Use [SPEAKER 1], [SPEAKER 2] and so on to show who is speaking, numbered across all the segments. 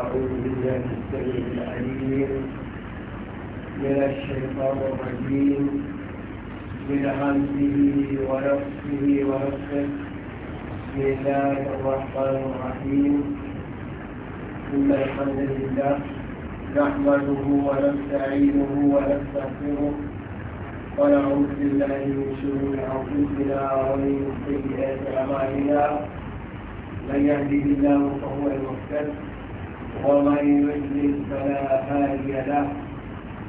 [SPEAKER 1] أعوذ بالله السميع العليم من الشيطان الرجيم من همزه ونفسه ونفسه بسم الله الرحمن الرحيم إن الحمد لله نحمده ونستعينه ونستغفره ونعوذ بالله من شرور انفسنا ومن سيئات اعمالنا من يهده الله فهو المهتد ومن يجلس فلا هادي له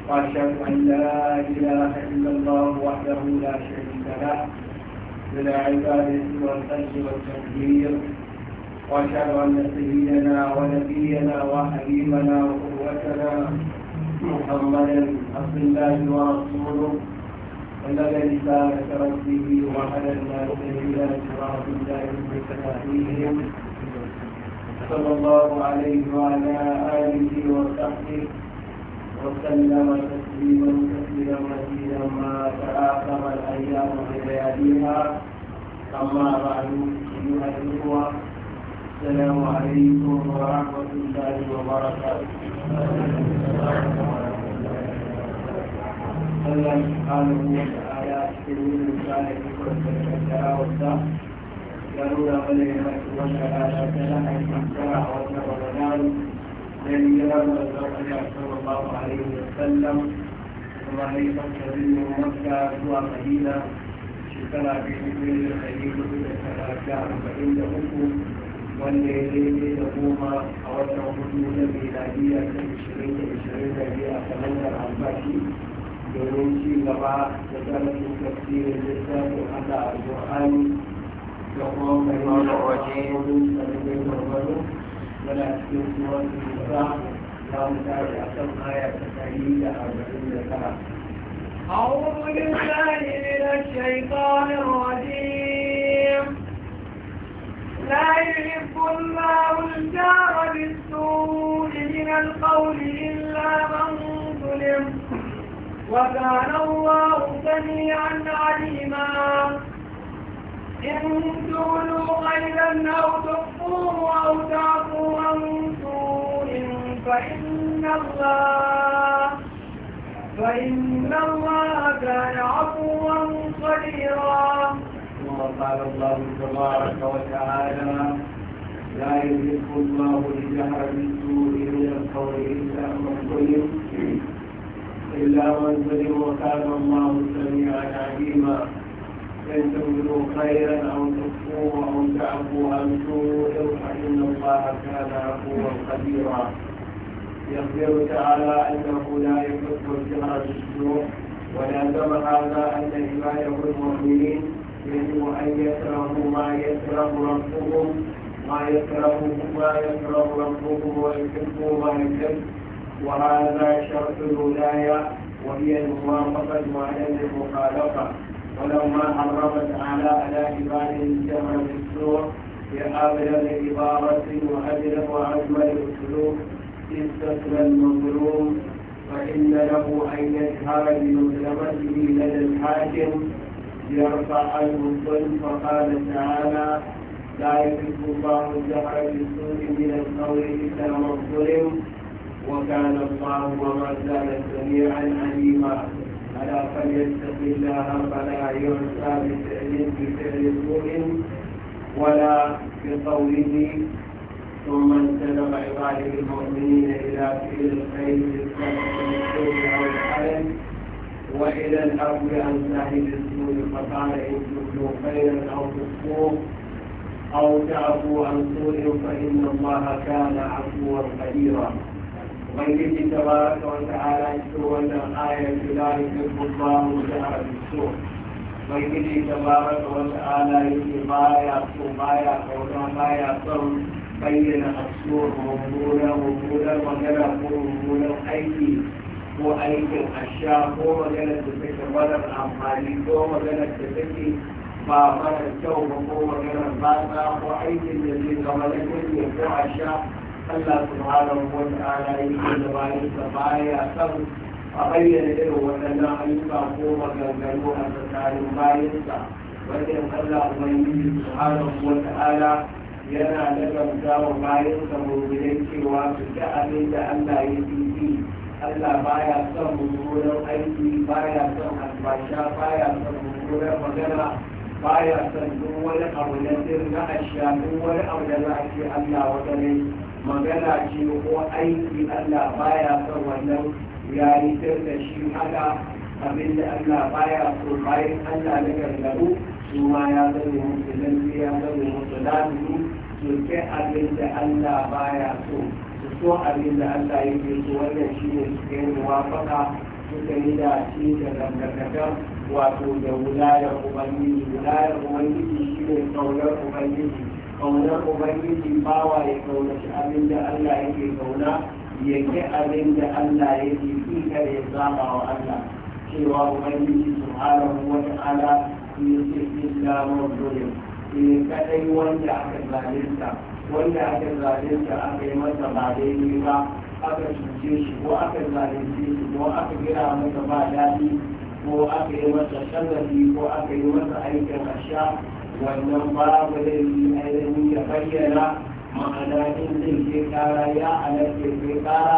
[SPEAKER 1] واشهد ان لا اله الا الله وحده لا شريك له للعباده والخلق والتكبير واشهد ان سيدنا ونبينا وحبيبنا وقوتنا محمدا عبد الله ورسوله الذي رسالة ربه وعلى الناس إلى صراط الله مستقيم صلى الله عليه وعلى آله وصحبه وسلم تسليما كثيرا مزيدا ما تآخر الأيام بلياليها أما بعد أيها الإخوة السلام عليكم ورحمة الله وبركاته الله سبحانه وتعالى يسلم لسانك كل الشكاوى ya nuna mana yana cikin ta a jiran Allah sallam zuwa shekara biyu da da ya goma a watan hudu na a kalandar albashi domin gaba da zarafin tafsirin al-Qur'ani الشيطان الرجيم ولا تكون سورة النساء لهم تعالى أكثر آية تسعيد أربعين
[SPEAKER 2] ذكرى أعوذ بالله من الشيطان الرجيم لا يحب الله الجار بالسوء من القول إلا من ظلم وكان الله سميعا عليما إن تولوا خيرا أو تخفوه أو تعفوا عن سوء فإن الله فإن الله كان عفوا قديرا
[SPEAKER 1] ثم قال الله تبارك وتعالى لا يملك الله الجهر بالسوء من القول إلا من ظلم إلا من ظلم وكان الله سميعا عليما أن تبذلوا خيرا أو تخفوه أو تعفوا أو تؤذوا فإن الله كان عفوا قديرا يخبر تعالى أنه لا يفك الجهر بالسوء ولا ذم هذا أن عباده المؤمنين يجب أن يكرهوا ما يكره ربهم ما يكره ما يكره ربهم ويحبوا ما يحب وهذا شرط الولاية وهي الموافقة على المخالفة ولما ما حرمت على عباده الجمع في بأبلغ عبارة وأجل وأجمل أسلوب استثنى المظلوم فإن له أن يجهر بمظلمته لدى الحاكم ليرفع عنه الظلم فقال تعالى لا يحب الله الجهر بالسوء من القول إلا من ظلم وكان الله وما زال سميعا عليما ألا فليتق الله فلا يعصى بفعل بفعل سوء ولا بقوله ثم انسلب عباده المؤمنين إلى فعل الخير بالسوء أو الحلم وإلى الأرض عن ساحب السوء فقال إن تبدوا خيرا أو تخفوه أو تعفوا عن سوء فإن الله كان عفوا قديرا ubangiji ta ba ta wata ala cikin wannan ayar guda da ke kuma mu da halittu ubangiji ta ba ta wata ala yake baya so baya kauna baya son bayyana asuwar mummunan mummunan magana ko mummunan aiki ko aikin asha ko magana da take marar amfani ko magana da take ba marar kyau ba ko magana ba ko aikin da zai zama na ko asha Allah subhanahu wa ta'ala yake da bayan sa baya san a bayyana irin waɗannan ayyuka ko maganganu a tsakanin bayan sa wajen Allah ubangiji subhanahu wa ta'ala yana nazarta wa bayan sa mummunai cewa su ta abin da Allah ya fifi Allah baya son mummunan aiki baya son albasha baya son mummunan magana baya san duk wani abu na sirri na ashiya duk wani abu da za a ce Allah wata ne magana ce ko aiki Allah baya son wannan ya yi sir da shi haka abin da Allah baya so bayan Allah na gargaru su ma ya zama musulunci ya zama musulunci lafiyu su ke abin da Allah baya so su so abin da Allah yake so wannan shi ne su ke muwafaka suka yi dace da dangantakar wato da wulayar ubangiji wulayar ubangiji shi ne kaunar ubangiji kaunar ubangiji bawa ya kaunaci abin da allah yake kauna ya ki abin da allah yake ki kar ya zama wa allah cewa ubangiji su subhanahu wa ta'ala yake illa mazlumin ne kadai wanda aka zalunta wanda aka zalunta aka yi masa ba daidai ba aka cuce shi ko aka zalunce shi ko aka gina masa ba daɗi ko aka yi masa shallafi ko aka yi masa aikin rasha wannan babu yi ainihin ya bayyana ma'ana in zai ke kara ya halatta zai kara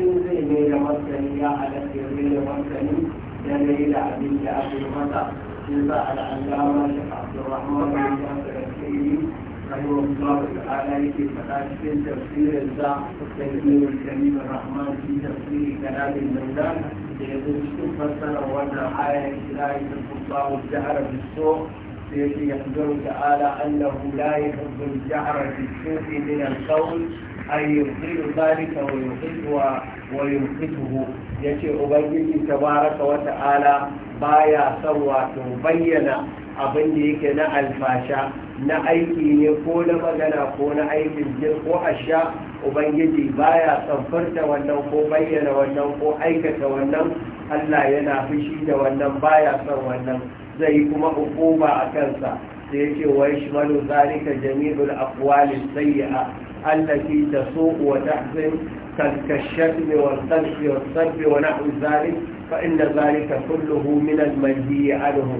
[SPEAKER 1] in zai mai da martani ya halatta zai da martani da mai da abin da aka yi masa shi za a da an gama shi abdurrahman bin ya al yi رحمه الله تعالى يكي في تفسير الزع تكميل الكريم الرحمن في تفسير كلام المولى يقول شوف فسر وانا آية لا يحب الله الجهر بالسوء التي يخبر تعالى أنه لا يحب الجهر بالسوء من القول أي يبطل ذلك ويمقته يتي أبيه تبارك وتعالى بايا سوى تبين abin da yake na alfasha na aiki ne ko na magana ko na aikin jin ko a sha ubangiji baya tsamfarta wannan ko bayyana wannan ko aikata wannan allah yana fushi da wannan baya son wannan zai kuma hukuma a kansa da yake wa malu zalika jami'ul aqwali sayyi'a allati tasu'u wa tahzin كالكشتم والقلب والصب ونحو ذلك فإن ذلك كله من المنهي عنه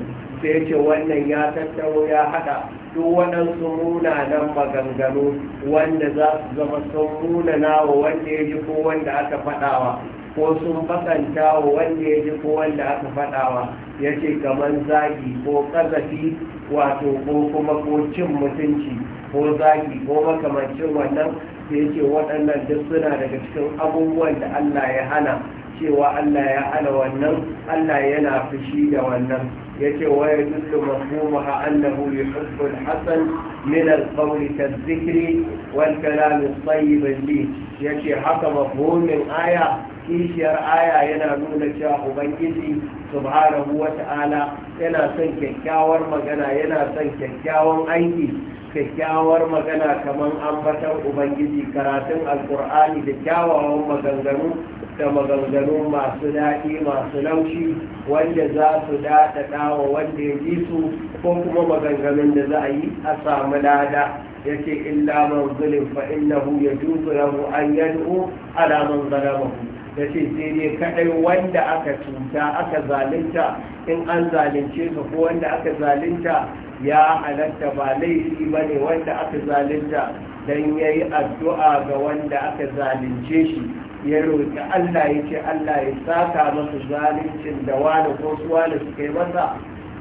[SPEAKER 1] sai ce wannan ya tattaro ya hada duk waɗansu munanan maganganu wanda za su zama sun munana wa wanda ya ji ko wanda aka faɗawa ko sun bakanta wa wanda ya ji ko wanda aka faɗawa ya ce kamar zagi ko ƙazafi wato ko kuma ko cin mutunci ko zagi ko makamancin wannan sai ce waɗannan duk suna daga cikin abubuwan da allah ya hana cewa Allah ya hana wannan Allah yana fushi da wannan yace wa yadullu mafhumuha annahu yuhibbu al-hasan min al-qawli kadh-dhikri wal kalam at-tayyib li yace haka mafhumin aya kishiyar aya yana nuna cewa ubangiji subhanahu wata'ala yana son kyakkyawar magana yana son kyakkyawan aiki kyakkyawar magana kamar ambatan ubangiji karatun alkur'ani da kyawawan maganganu da maganganu masu daɗi masu laushi wanda za su daɗaɗa wa wanda ya ji su ko kuma maganganun da za a yi a samu lada ya ce illa man zulin fa innahu ya juzu lahu an yad'u ala zalamahu ya ce sai dai kaɗai wanda aka cuta aka zalunta in an zalunce su ko wanda aka zalunta ya halatta ba laifi ba ne wanda aka zalunta don ya yi addu'a ga wanda aka zalunce shi ya roƙi Allah ya ce Allah ya saka masu zaluncin da wani ko su wani suka yi masa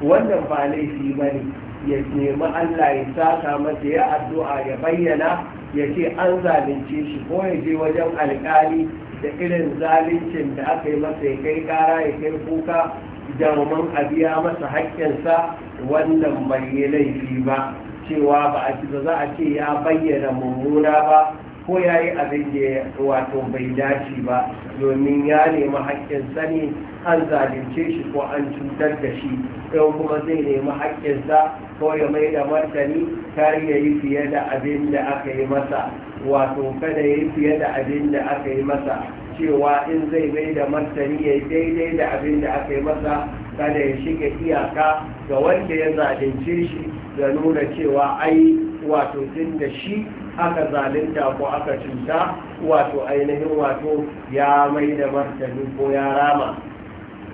[SPEAKER 1] wannan ba laifi ba ne ya nemi Allah ya saka masa ya addu'a ya bayyana ya ce an zalunce shi ko ya je wajen alƙali da irin zaluncin da aka yi masa ya kai ƙara ya kai kuka domin a biya masa haƙƙinsa wannan bai yi laifi ba cewa ba a ci za a ce ya bayyana mummuna ba ko ya yi abin da wato bai dace ba domin ya nemi haƙƙinsa ne an zalunce shi ko an cutar da shi yau kuma zai nemi haƙƙinsa ko ya mai da martani kar ya yi fiye da abin da aka yi masa wato kada ya yi fiye da abin da aka yi masa cewa in zai mai da martani ya daidai da abin da aka yi masa kada ya shiga iyaka ga wanda ya zalunce shi da nuna cewa ai wato tun da shi aka zalunta ko aka cuta wato ainihin wato ya mai da martani ko ya rama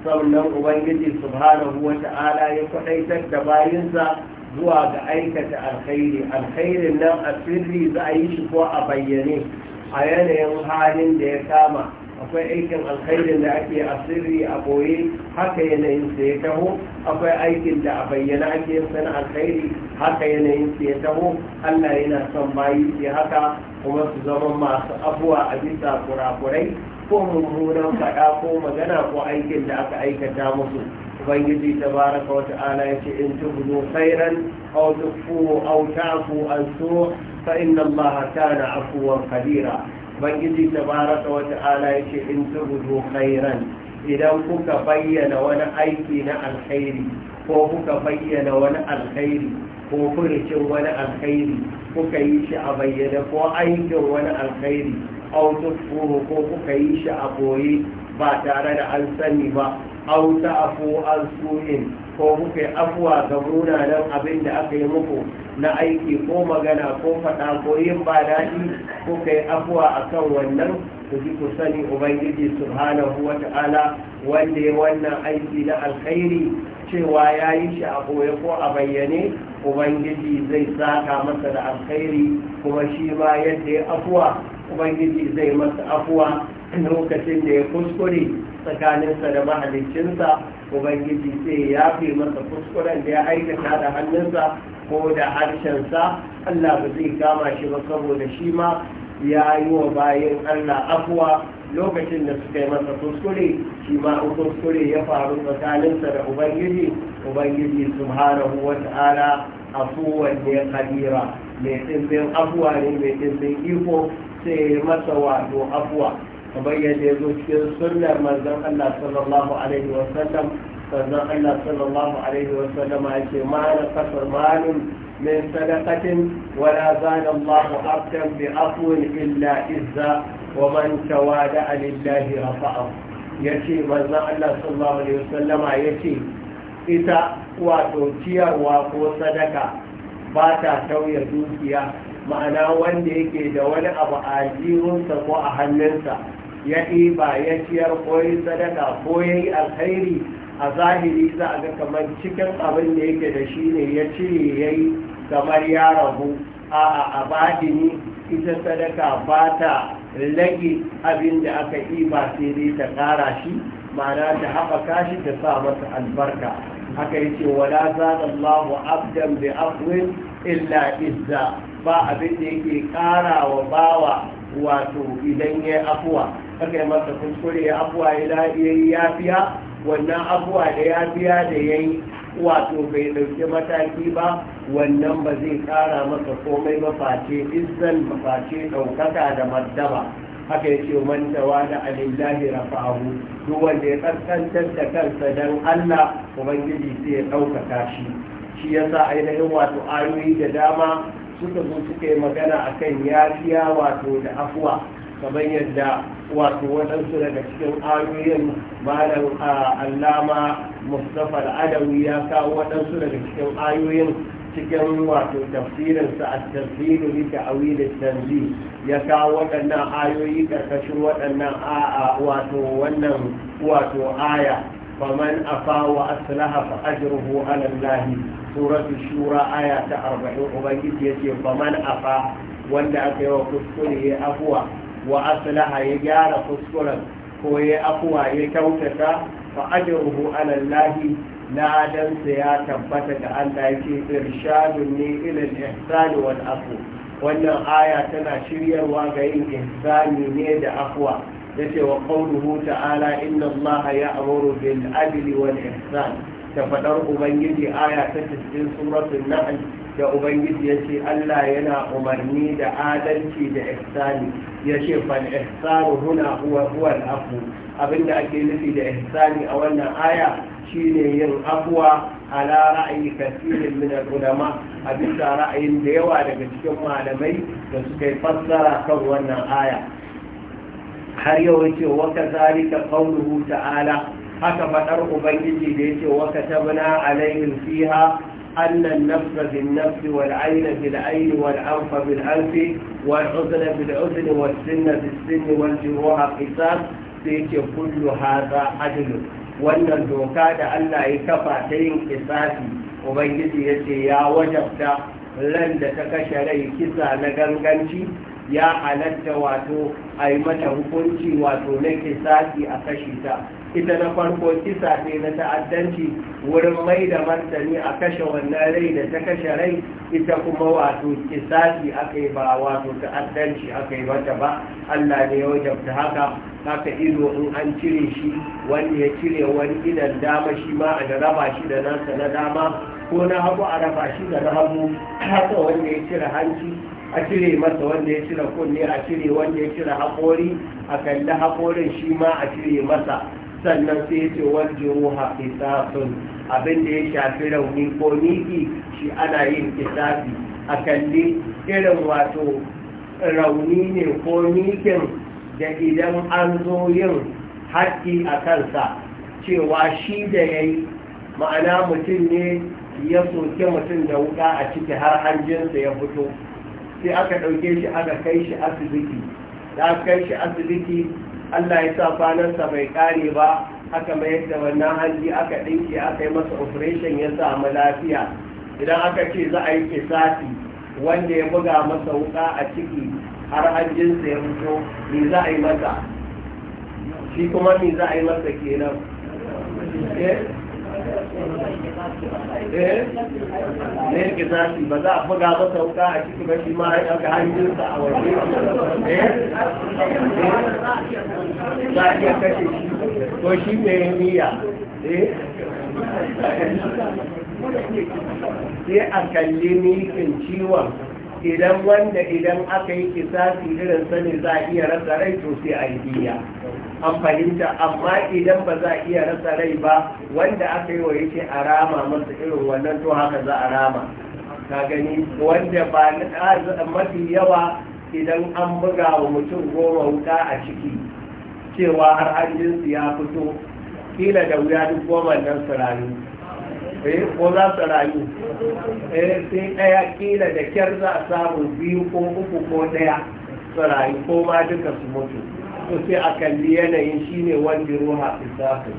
[SPEAKER 1] sannan ubangiji subhanahu wa ta'ala ya kwadaitar da bayinsa zuwa ga aikata alkhairi alkhairin nan a sirri za a yi shi ko a bayyane a yanayin halin da ya kama akwai aikin alkhairin da ake a sirri a boye haka yanayin sa ya taho akwai aikin da a bayyana ake yin alkhairi haka yanayin sa ya taho Allah yana son bayi ke haka kuma su zama masu abuwa a bisa kurakurai ko mummunan faɗa ko magana ko aikin da aka aikata musu ubangiji tabaraka ala ya ce in tubdu khairan aw tukhfu aw ta'fu an su fa inna allaha kana afuwan qadira ubangiji tabaraka wa ta'ala yace in tubdu khairan idan kuka bayyana wani aiki na alkhairi ko kuka bayyana wani alkhairi ko furicin wani alkhairi kuka yi shi a bayyana ko aikin wani alkhairi autofuru ko kuka yi shi a boye ba tare da an sani ba au afu an su'in ko muke afuwa ga munanan abin da aka yi muku na aiki ko magana ko faɗa ko yin ba daɗi ko ka yi afuwa a kan wannan ku ji ku sani ubangiji subhanahu wa ta'ala wanda ya wannan aiki na alkhairi cewa ya yi shi a ɓoye ko a bayyane ubangiji zai saka masa da alkhairi kuma shi ma yadda ya afuwa ubangiji zai masa afuwa lokacin da ya kuskure tsakaninsa da mahalicinsa ubangiji sai ya fi masa kuskuren da ya aikata da hannunsa ko da harshensa allah ba zai kama shi ba saboda shi ma ya yi wa bayan allah afuwa lokacin da suka yi masa kuskure shi ma kuskure ya faru tsakaninsa da ubangiji ubangiji subhanahu wa ta'ala afuwan ne kadira mai tsimbin afuwa ne mai tsimbin iko sai masa wato afuwa kamar yadda ya zo cikin sunnar manzon Allah sallallahu alaihi wa sallam sannan Allah sallallahu alaihi wa sallam ya ce ma na kasar malin min sadaqatin wala zana Allahu abdan bi afwin illa izza wa man tawada'a lillahi rafa'ahu yace manzon Allah sallallahu alaihi wa sallama yace ita wato ciyarwa ko sadaka ba ta tauye dukiya ma'ana wanda yake da wani abu a jirinsa ko a hannunsa ya ɗiba ya ciyar ko yi sadaka ko ya yi alkhairi a zahiri za a ga kamar cikin abin da yake da shi ne ya cire ya yi kamar ya rabu a abadini ita sadaka ba ta lage abin da aka ɗiba sai dai ta ƙara shi ma'ana ta haɓaka shi ta sa masa albarka haka yake wala zana Allahu abdan bi afwin illa izza ba abin da yake kara wa bawa wato idan ya yi afuwa aka yi masa kuskure ya afuwa ya yi yafiya wannan afuwa da yafiya da ya yi wato bai dauki mataki ba wannan ba zai kara masa komai ba face izzan face daukaka da martaba haka yake mantawa da alillahi rafa'ahu duk wanda ya kaskantar da kansa dan Allah ubangiji sai ya daukaka shi shi yasa ainihin wato ayoyi da dama suka zo suka yi magana akan yafiya wato da afuwa kamar yadda wato waɗansu daga cikin ayoyin malam allama mustapha al'adawi ya kawo waɗansu daga cikin ayoyin cikin wato tafsirinsa a tafsirin bi da tanzi ya kawo waɗannan ayoyi ƙarƙashin waɗannan wato wannan wato aya فمن أفا وأصلح فأجره على الله سورة الشورى آية 40 يتي فمن أفا wanda aka yi wa kuskure ya afuwa wa ya gyara kuskuren ko ya afuwa ya kyautata fa ajruhu ala allahi ya tabbata da Allah yake irshadun ne ila al wannan aya tana shiryarwa ga yin ihsani ne da afwa yace wa qawluhu ta'ala inna allaha ya'muru bil adli wal ihsan ta fadar ubangiji aya ta cikin suratul nahl da ubangiji yace Allah yana umarni da adalci da ihsani yace fal ihsanu huna huwa huwa al afu abinda ake nufi da ihsani a wannan aya shine yin afwa ala ra'ayi kasirin min ulama a bisa ra'ayin da yawa daga cikin malamai da suka yi fassara kan wannan aya har yau yake waka zalika qawluhu ta'ala haka faɗar ubangiji da yake waka tabna alaihim fiha anna an-nafs bin-nafs wal-'ayn bil-'ayn wal-anf bil-anf wal-udhn bil-udhn wal-sinna bil-sinn wal kullu hadha adl wannan doka da Allah ya kafa ta yin kisasi ubangiji yace ya wajabta ran da ta kashe rai kisa na ganganci ya halatta wato a yi mata hukunci wato na kisasi a kashi ta ita na farko kisa ne na ta'addanci wurin mai da martani a kashe wannan rai da ta kashe rai ita kuma wato kisasi aka yi ba wato ta'addanci aka yi mata ba allah ne ya wajabta haka haka ido in an cire shi wani ya cire wani idan dama shi ma a raba shi da nasa na dama ko na hagu a raba shi da na hagu haka wanda ya cire hanci a cire masa wanda ya cire kunne a cire wanda ya cire haƙori a kalli haƙorin shi ma a cire masa sannan sai ce wajen juruha qisasun abin da ya shafi rauni ko niki shi ana yin kisafi a kalli irin wato rauni ne ko nikin da idan an zo yin haƙƙi a kansa cewa shi da ya yi ma'ana mutum ne ya soke mutum da wuka a ciki har hanjinsa ya fito sai aka ɗauke shi aka kai shi asibiti da aka kai shi asibiti allah ya sa sa bai ƙare ba aka mayar da wannan hanji aka ɗinke aka yi masa operation ya samu lafiya idan aka ce za a yi kisati wanda ya buga masa wuka a ciki har hanjinsa ya fito me za a yi masa shi kuma me za a yi masa kenan eh? ne eh? zafi eh, ba za a buga ba sauka a cikin ba shi ma ya ɗauka hannunsa a waje eh? za a iya kashe shi ko shi ne niyya sai a kalli mikin ciwon idan wanda idan aka yi kisasi irin sani za a iya rasa rai to sai a yi an fahimta amma idan ba za a iya rasa rai ba wanda aka yi wa yake a rama masa irin wannan to haka za a rama ka gani wanda ba na mafi yawa idan an buga wa mutum goma wuta a ciki cewa har an jinsu ya fito kila da wuya duk goma nan su Eh, ko za su rayu eh, sai ɗaya kila da kyar za a samu biyu ko uku ko daya su rayu ko ma duka su mutu to sai a kalli yanayin shine wanda ruha isafi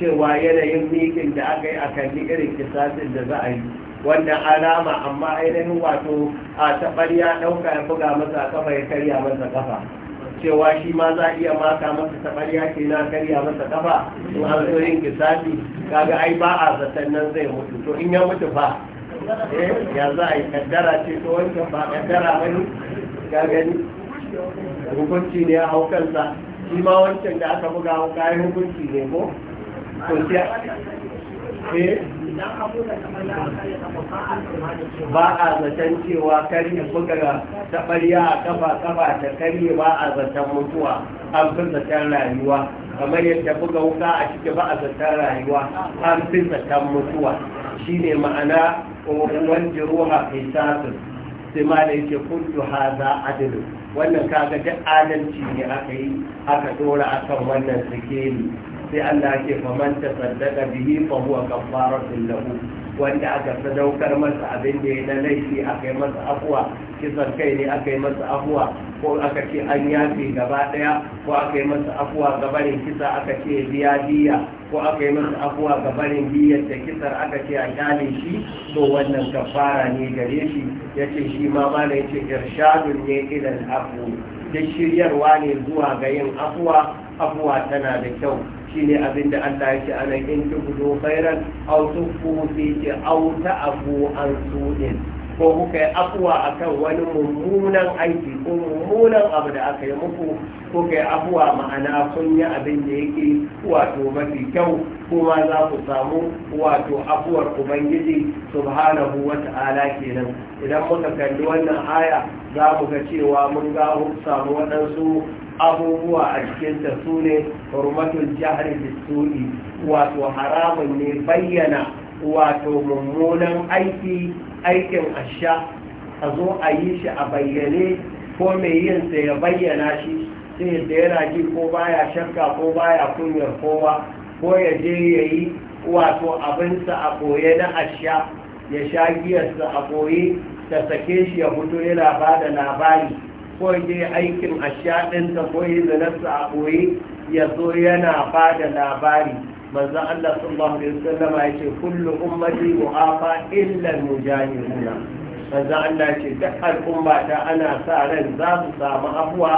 [SPEAKER 1] cewa yanayin mikin da aka yi a kalli irin kisasin da za a yi wanda alama amma ainihin wato a ya ɗauka ya buga masa kafa ya karya masa kafa cewa shi ma za a iya maka masa tabariya ke na karya masa kafa in an zo yin kisafi kaga ai ba a zaton nan zai mutu to in ya mutu fa eh, ya za a yi kaddara ce to wancan ba kaddara ba ne ga gani hukunci ne a hau kansa shi ma wancan da aka buga kayan hukunci ne ko? Eh? ba a zaton cewa karye buga taɓarya a kafa kafa ta karye ba a zaton mutuwa an fi zaton rayuwa kamar yadda buga wuka a ciki ba a zaton rayuwa an fi zaton mutuwa shine ma'ana wani ruha kai sasin sai ma da yake kullu haza adilu wannan kaga duk adalci ne aka yi aka dora akan wannan sikeli sai Allah ke faman ta saddaka bihi fa huwa kafaratun lahu wanda aka sadaukar masa abin da ya na laifi aka yi masa afuwa kisan kai ne aka yi masa afuwa ko aka ce an yafe gaba daya ko aka yi masa afuwa gabarin kisa aka ce biya ko aka yi masa afuwa gabarin biyar da kisar aka ce a kyale shi to wannan kafara ne gare shi ya ce shi ma ma yace irshadun ne ilal afu da shiryarwa ne zuwa ga yin afuwa afuwa tana da kyau shine abin da Allah ya ce ana in tubudu khairan aw tufu fi auta abu an su'in ko kuka yi afuwa kan wani mummunan aiki ko mummunan abu da aka yi muku ko ka yi afuwa ma'ana sun yi abin da yake wato mafi kyau kuma za ku samu wato afuwar ubangiji subhanahu wa ta'ala kenan idan muka kalli wannan aya za mu ga cewa mun ga samu waɗansu abubuwa a cikin ta su ne hurmatul jahri wato haramun ne bayyana wato mummunan aiki aikin asha a zo a yi shi a bayyane ko mai yin sa ya bayyana shi sai da yana ji ko baya shakka ko baya kunyar kowa ko ya je ya yi wato abinsa a koye na asha ya sha giyarsa a koye ta sake shi ya fito yana ba da labari ko je aikin asha ɗinsa ko yi zinarsa a koye ya zo yana ba da labari manzo Allah sallallahu alaihi wasallam ya ce kullu ummati mu'afa illa al-mujahiduna manzo Allah ya ce duk al'umma ta ana sa ran za su samu afuwa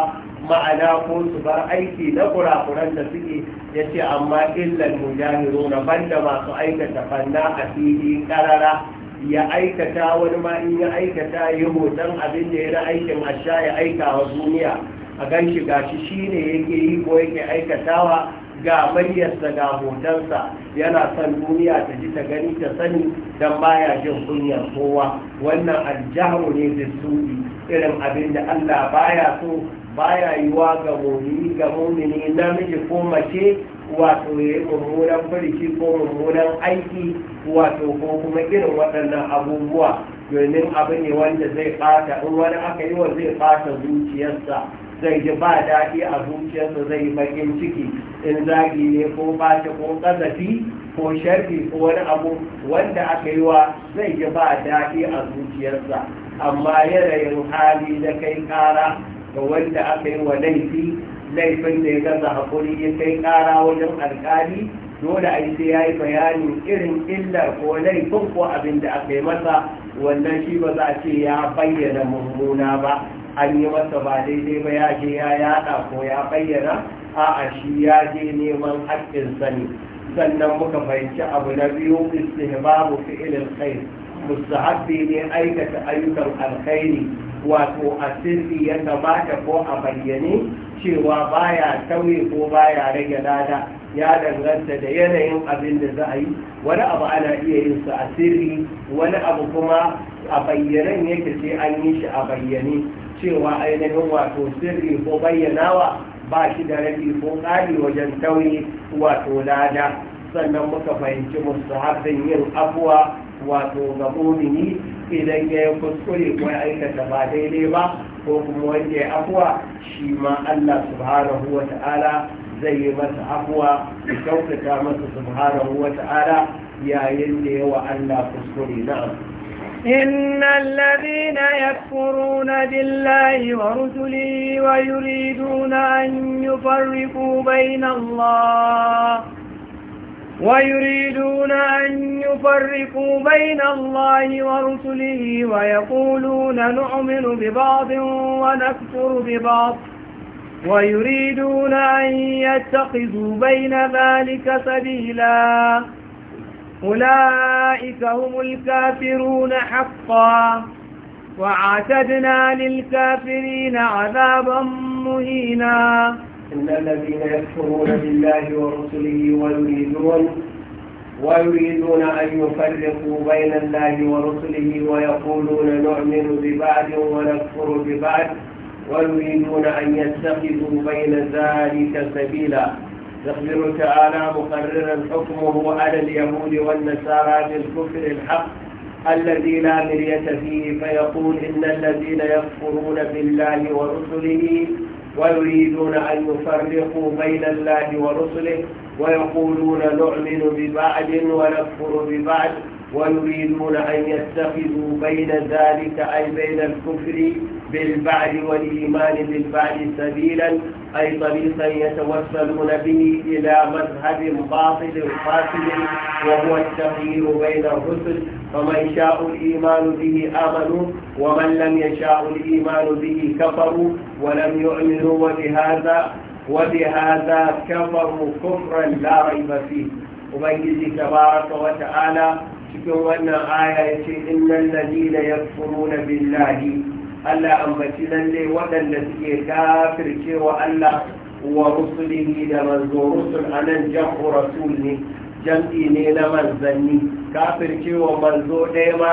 [SPEAKER 1] ma'ana ko su bar aiki na kurakuran da suke ya ce amma illa al-mujahiduna banda masu aikata fanna a fili karara ya aikata wani ma in ya aikata ya hoton abin da ya na aikin asha ya aika wa duniya a gan shi gashi shine yake yi ko yake aikatawa ga maryarsa ga hotonsa yana son duniya ta ji ta gani ta sani don baya jin kunyar kowa wannan aljahu ne da suɗi irin abin da allah baya so baya yiwa ga mumini ga mumini namiji ko mace wato ya yi mummunan ko mummunan aiki wato ko kuma irin waɗannan abubuwa domin abu ne wanda zai fata in wani aka yi wa zai fata zuciyarsa zai ji ba daɗi a zuciyarsa zai bakin ciki in zagi ne ko ɓace ko ƙazafi ko sharfi ko wani abu wanda aka yi wa zai ji ba daɗi a zuciyarsa amma yanayin hali da kai ƙara ga wanda aka yi wa laifi laifin da ya gaza haƙuri ya kai ƙara wajen alkali dole a yi sai ya yi bayanin irin illar ko laifin ko abin da aka yi masa wannan shi ba za a ce ya bayyana mummuna ba an yi masa ba daidai ba ya je ya yada ko ya bayyana a shi ya je neman haƙƙin sani sannan muka fahimci abu na biyu istihbabu fi'il khair mustahabbi ne aikata ayyukan alkhairi wato a sirri ya kamata ko a bayyane cewa baya tauye ko baya rage lada ya danganta da yanayin abin da za a yi wani abu ana iya yin su a sirri wani abu kuma a bayyanen yake sai an yi shi a bayyane cewa ainihin wato sirri ko bayyanawa ba shi da rabi ko ƙari wajen tauyi wato lada sannan muka fahimci musu haɗin yin afuwa wato ga mumini idan ya yi kuskure ko ya aikata ba daidai ba ko kuma wanda ya afuwa shi ma Allah subhanahu wa ta'ala zai yi masa afuwa da kyautata masa subhanahu wa ta'ala yayin da yawa Allah kuskure na'am
[SPEAKER 2] إن الذين يكفرون بالله ورسله ويريدون أن يفرقوا بين الله ويريدون أن يفرقوا بين الله ورسله ويقولون نؤمن ببعض ونكفر ببعض ويريدون أن يتخذوا بين ذلك سبيلاً أولئك هم الكافرون حقا وعتدنا للكافرين عذابا مهينا
[SPEAKER 1] إن الذين يكفرون بالله ورسله ويريدون ويريدون أن يفرقوا بين الله ورسله ويقولون نؤمن ببعض ونكفر ببعض ويريدون أن يتخذوا بين ذلك سبيلا يخبر تعالى مقررا حكمه على اليهود والنصارى بالكفر الحق الذي لا مرية فيه فيقول إن الذين يكفرون بالله ورسله ويريدون أن يفرقوا بين الله ورسله ويقولون نؤمن ببعض ونكفر ببعض ويريدون أن يتخذوا بين ذلك أي بين الكفر بالبعد والإيمان بالبعد سبيلا أي طريقا يتوسلون به إلى مذهب باطل قاتل وهو التغيير بين الرسل فمن شاء الإيمان به آمنوا ومن لم يشاء الإيمان به كفروا ولم يؤمنوا وبهذا وبهذا كفروا كفرا لا ريب فيه وبنجزي تبارك وتعالى شكرا أن آية إن الذين يكفرون بالله Allah ambaci lalle waɗanda suke kafircewa Allah wa rusulihi da manzo rusul anan jam'u rasul ne jam'i ne na manzanni Kafircewa manzo ɗaya ma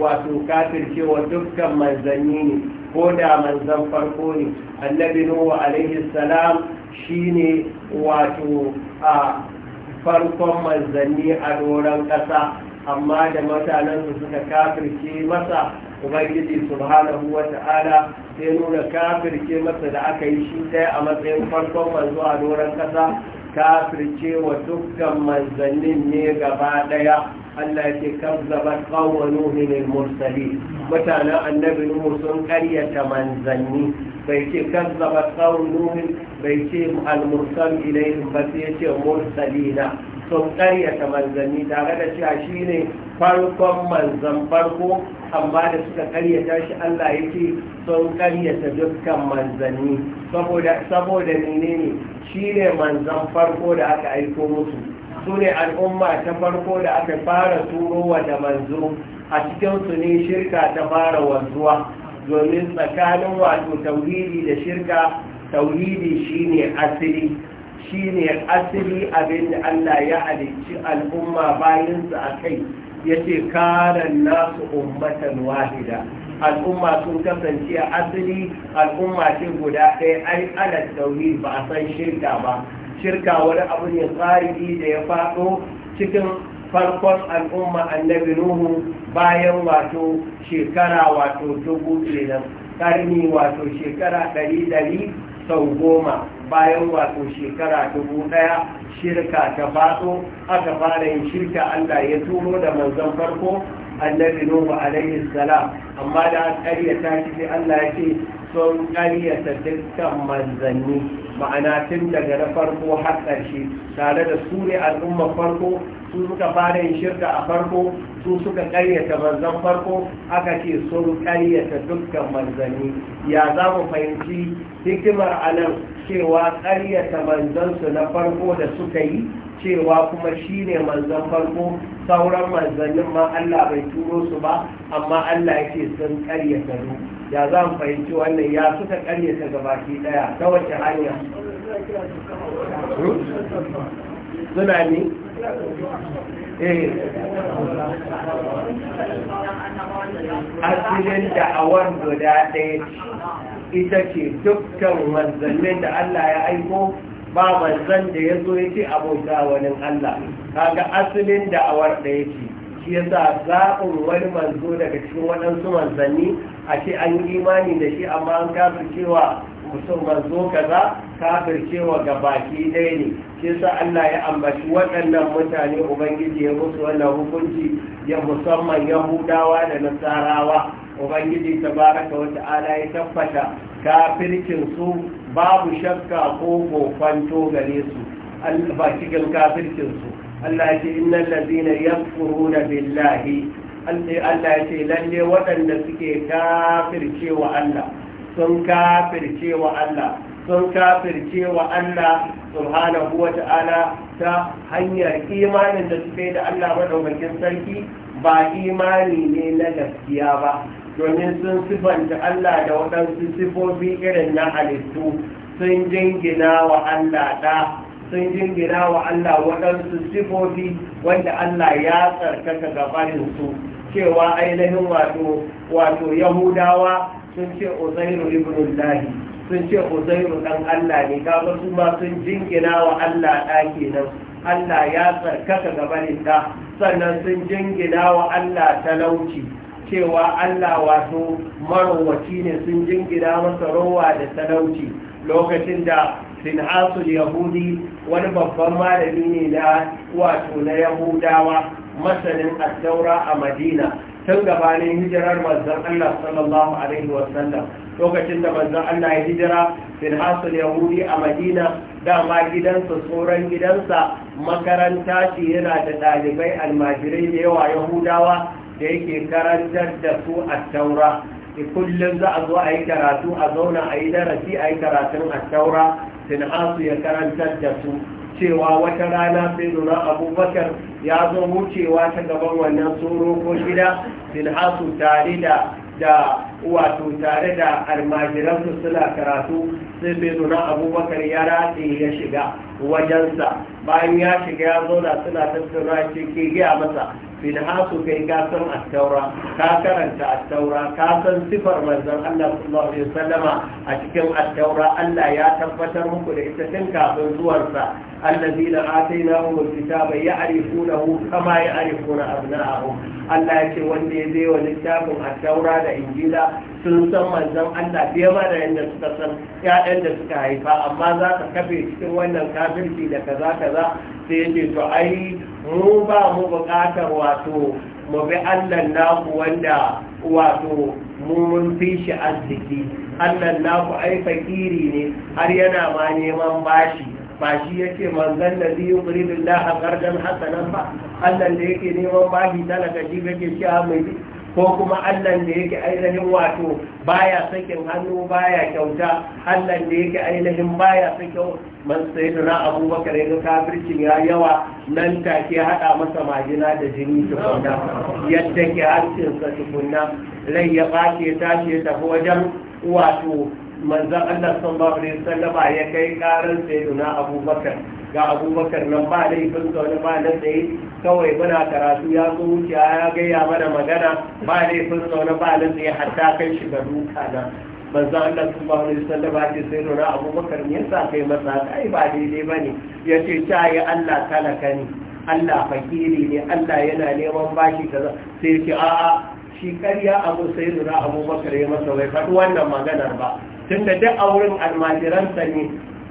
[SPEAKER 1] wato kafircewa dukkan manzanni ne ko da manzan farko ne annabi nuhu alaihi salam shine wato a farkon manzanni a doron ƙasa amma da mutanensu suka kafirce masa ubangiji subhanahu wa ta'ala sai nuna kafirce masa da aka yi shi ɗaya a matsayin farkon manzo a doron ƙasa kafirce wa dukkan manzannin ne gaba ɗaya Allah ya ce zaba qawmu nuhin al mutanen annabi nuhu sun karyata manzanni bai ce zaba qawmu nuhin bai ce al-mursal ilayhim ba sai ya ce mursalina sun karyata manzanni tare da cewa shi ne farkon manzan farko amma da suka karyata shi Allah ya ce sun karyata dukkan manzanni saboda saboda menene shi ne manzan farko da aka aiko musu su ne al'umma ta farko da aka fara turowa da manzo a cikin su ne shirka ta fara wanzuwa domin tsakanin wato tauhidi da shirka tauhidi shine asiri Shi ne asali abin da Allah ya halicci al'umma su a kai ya ce karan nasu ummatan wahida al'umma sun kasance a asali al'umma ce guda ɗaya ai alat tauri ba a san shirka ba shirka wani abu ne tsari da ya faɗo cikin farkon al'umma annabi nuhu bayan wato shekara wato dubu kenan karni wato shekara ɗari ɗari sau goma bayan wato shekara dubu ɗaya shirka ta faɗo aka fara yin shirka Allah ya turo da manzon farko annabi Nuhu alaihi salam amma da an ta shi Allah ya ce sun ƙaryata dukkan manzanni ma'ana tun daga na farko har ƙarshe tare da su ne al'umma farko su suka fara yin shirka a farko su suka ƙaryata manzan farko aka ce sun ƙaryata dukkan manzanni ya za mu fahimci hikimar anan cewa ƙaryata manzansu na farko da suka yi cewa kuma shi ne manzan farko sauran manzannin ma Allah bai turo su ba amma Allah ya ce sun ƙaryata su ya za mu fahimci wannan ya suka karyata gabaki daya ta wace hanya suna ne eh asirin da'awar guda ɗaya ita ce dukkan manzannin da Allah ya aiko ba manzan da ya zo ya ce abota wani Allah kaga asalin da'awar ɗaya ce shi yasa zaɓin wani manzo daga cikin waɗansu manzanni a ce an yi imani da shi amma an kafir cewa mutum manzo kaza kafir cewa ga baki ɗaya ne shi sa Allah ya ambaci waɗannan mutane ubangiji ya musu wannan hukunci ya musamman yahudawa da nasarawa ubangiji ta tabaraka wata ala, ya tabbata kafircin su babu shakka ko kofanto gare su ba cikin kafircin Allah ya ce innal ladina yakfuruna billahi Allah ya ce lalle waɗanda suke kafircewa Allah sun kafircewa Allah sun kafircewa Allah subhanahu wa ta'ala ta hanyar imanin da suke da Allah madaukakin sarki ba imani ne na gaskiya ba domin sun sifanta Allah da waɗansu sifofi irin na halittu sun jingina wa Allah ɗa sun jingina wa Allah waɗansu sifofi wanda Allah ya tsarkaka gabanin su cewa ainihin wato yahudawa sun ce uzairu lahi sun ce uzairu dan Allah ne kamar su ma sun jingina wa Allah ɗa nan Allah ya tsarkaka gabanin ta. sannan sun jingina wa Allah talauci cewa Allah wato marowaci ne sun jingina masa rowa da talauci lokacin da finhasul yahudi wani babban malami ne na wato na yahudawa masanin addaura a madina tun gabanin hijirar manzan allah sallallahu alaihi wasallam lokacin da manzan allah ya hijira finhasul yahudi a madina dama gidansa tsoron gidansa makaranta ce yana da ɗalibai almajirai da yawa yahudawa da yake karantar da su addaura kullum za a zo a yi karatu a zauna a yi darasi a yi karatun taura. sinhasu ya karantar da su cewa wata rana sai nuna abubakar ya zo wucewa ta gaban wannan tsoro ko gida sinhasu tare da da wato tare da almajiransu suna karatu sai sai nuna abubakar ya ratse ya shiga wajensa bayan ya shiga ya zauna suna tattara ce ke gaya masa filhasu kai ka san attaura ka karanta attaura ka san sifar manzon Allah sallallahu alaihi wasallama a cikin attaura Allah ya tabbatar muku da ita tun kafin zuwarsa allazina atainahum alkitaba ya'rifunahu kama ya'rifuna abna'ahum Allah ya ce wanda ya zai wa littafin attaura da injila sun san manzan Allah fiye ma da yadda suka san ƴaƴan da suka haifa amma za ka kafe cikin wannan kafirci da kaza kaza sai ya ce to ai mu ba mu buƙatar wato mu bi Allah naku wanda wato mu mun fi shi arziki Allah naku ai fakiri ne har yana ma neman bashi ba shi ya ce manzan da zai yi a gardan hasanan ba Allah da yake neman bashi talaka shi kake a mai ko kuma allah da yake ainihin wato baya sakin hannu baya kyauta allah da yake ainihin baya sakin man sai da na abubakar ya kafircin ya yawa nan take haɗa masa majina da jini tukunna yadda ke harkinsa tukunna rai ya bace tashi ta tafi wajen wato manzan Allah sallallahu alaihi wasallam ya kai karan sayyiduna Abubakar ga Abubakar nan ba laifin sa wani ba na tsaye eh, kawai muna karatu ya zo wuce ya gaya mana magana ba laifin sa wani ba na tsaye hatta kai shiga duka na manzan Allah sallallahu alaihi wasallam ya ce sayyiduna Abubakar ne yasa kai masa kai ba daidai ba bane yace ta ya Allah talaka ne. Allah fakiri ne Allah yana neman bashi kaza sai ce a'a shi karya abu sai nuna abubakar ya masa bai faɗi wannan maganar ba tun da duk a wurin almajiransa ne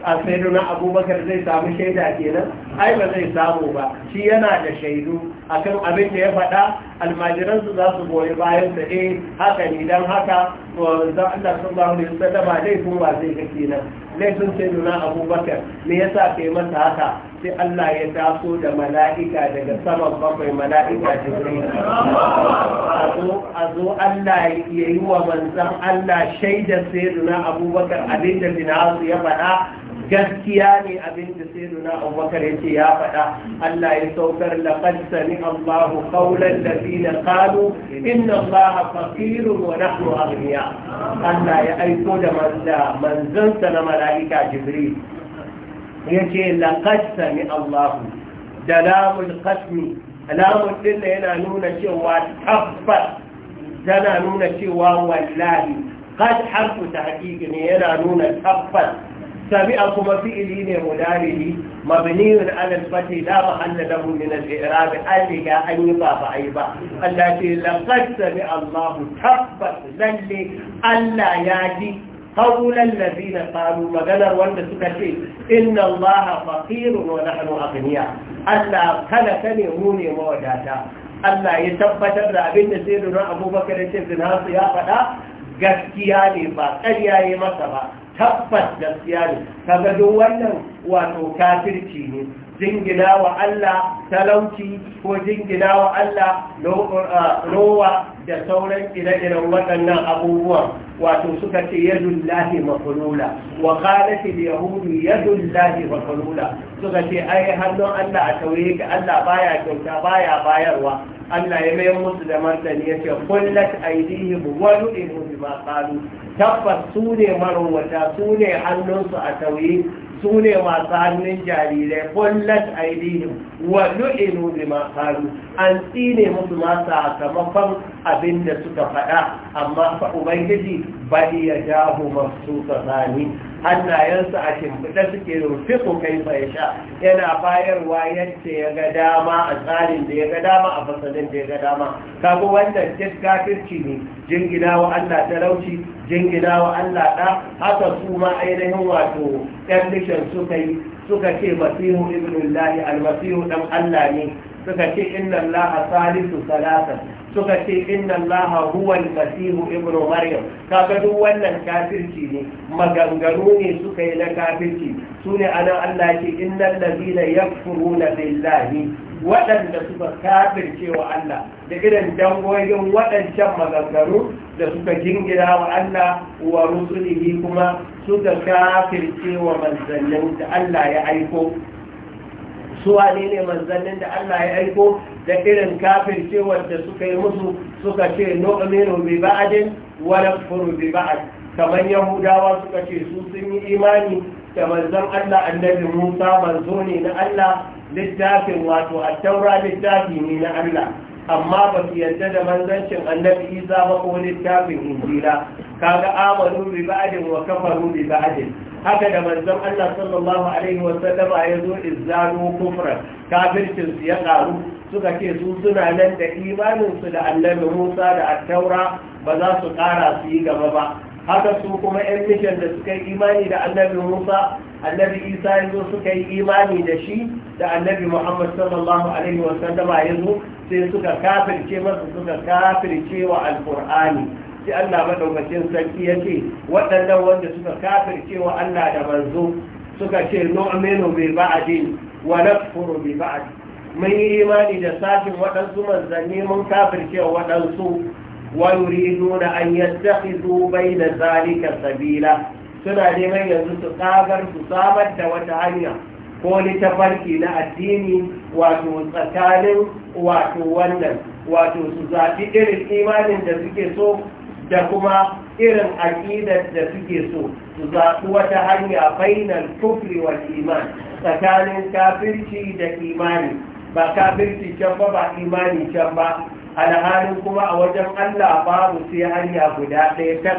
[SPEAKER 1] a na abubakar zai samu shaida kenan ai ba zai samu ba shi yana da shaidu akan abin da ya faɗa almajiransu za su goyi bayan sa eh haka ne don haka zan Allah ba wani sadaba laifin wa zai ga kenan laifin sai nuna abubakar me yasa kai masa haka sai Allah ya taso da mala'ika daga saman bakwai mala'ika jibril a zo Allah ya yi wa manzan Allah shaidar sai nuna abubakar da binasu ya faɗa gaskiya ne abin da sai nuna abubakar ya ce ya faɗa Allah ya saukar laqad sami Allahu qawlan ladina qalu inna Allaha faqirun wa nahnu aghniya Allah ya aiko da sa na mala'ika Jibril ya ce laqad sami Allahu da lamul qasmi lamun din yana nuna cewa tabbas tana nuna cewa wallahi qad harfu tahqiq ne yana nuna tabbas سمع كما الين مداره مبني على الفتح لا محل له من الإعراب ألك أن يضاف أيضا التي لقد سمع الله تبت ذلي ألا يأتي قول الذين قالوا مغنر وانت سكتي إن الله فقير ونحن أغنياء ألا خلقني موني موداتا ألا يتبت الرابين سيدنا أبو بكر الشيخ يا فلا gaskiya ne ba ƙarya ya tabbas gaskiya ne kaga duk wannan wato kafirci ne jingina wa Allah talauci ko jingina wa Allah uh, rowa da sauran ire-iren waɗannan abubuwan wato suka ce yadun lahi makulula wa qalatil yahudu yadun lahi makulula suka ce ai hannun Allah a tauye ga Allah baya kyauta baya bayarwa Allah ya mayar musu da martani ya ce kullat aidihim wa lu'inu bima qalu tabbas su ne marwata su ne hannunsu a tauye su ne masu hannun jarirai kullat aidihim wa lu'inu bima qalu an tsine musu ma sakamakon abin da suka faɗa amma fa ubangiji bari ya jahu masu tsani hannayensu a shimfiɗa suke rufe ko kai ya sha yana bayarwa yadda ya ga dama a tsarin da ya ga dama a fasalin abin da ya ga dama kaga wannan duk kafirci ne jingina wa Allah talauci jingina wa Allah da haka su ma ainihin wato ɗan lishan suka yi suka ce masihu ibnullahi almasihu dan Allah ne suka ce inna Allah salisu salasa suka ce inna Allah huwa al ibn maryam kaga duk wannan kafirci ne maganganu ne suka yi na kafirci sune anan Allah ce innal ladina yakfuruna billahi waɗanda suka kafin cewa Allah da irin dangogin waɗancan maganganu da suka jingina wa Allah wa rusulihi kuma suka kafin cewa manzannin da Allah ya aiko suwa ne ne manzannin da Allah ya aiko da irin kafircewar da suka yi musu suka ce nu'minu bi ba'adin wa nakfuru bi ba'ad kamar yahudawa suka ce su sun yi imani da zan Allah annabi Musa manzo ne na Allah littafin wato a taura littafi ne na Allah amma ba su yarda da manzancin annabi Isa ba ko littafin Injila kaga amanu bi ba'din wa kafaru bi ba'din haka da manzon Allah sallallahu alaihi wa sallama ya zo izzalu kufran kafircin su ya karu suka ce su suna nan da imanin su da annabi Musa da at-taura ba za su kara su yi gaba ba haka su kuma yan mishan da suka yi imani da annabi musa annabi isa yanzu suka yi imani da shi da annabi muhammad sallallahu alaihi wa sallama ya zo sai suka kafirce masa suka kafirce wa alqur'ani sai allah madaukakin sarki ya ce waɗannan wanda suka kafirce wa allah da manzo suka ce nu'minu bi ba'din wa nakfuru bi ba'd mun yi imani da sashin waɗansu manzanni mun kafirce wa waɗansu ويريدون أن يتخذوا بين ذلك Sabila suna neman yanzu su tsagar su samar da wata hanya ko littafarki na addini wato tsakanin wato wannan wato su zafi irin imanin da suke so da kuma irin aƙidar da suke so su zaɓi wata hanya bainar kufri wa iman tsakanin kafirci da imani ba kafirci ba ba imani can ba alhalin kuma a wajen Allah babu sai hanya guda ɗaya tak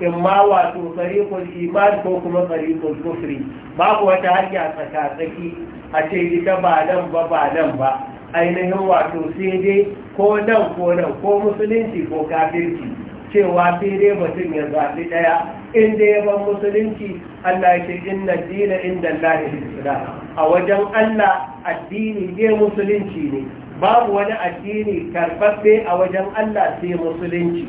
[SPEAKER 1] in ma wato tsarikul iman ko kuma tsarikul kufri babu wata hanya tsakatsaki a ce ita ba nan ba ba nan ba ainihin wato sai dai ko nan ko nan ko musulunci ko kafirci cewa sai dai mutum ya zaɓi ɗaya in dai ban musulunci Allah ya ce inna dina inda Allah a wajen Allah addini ne musulunci ne babu wani addini karfafe a wajen Allah sai musulunci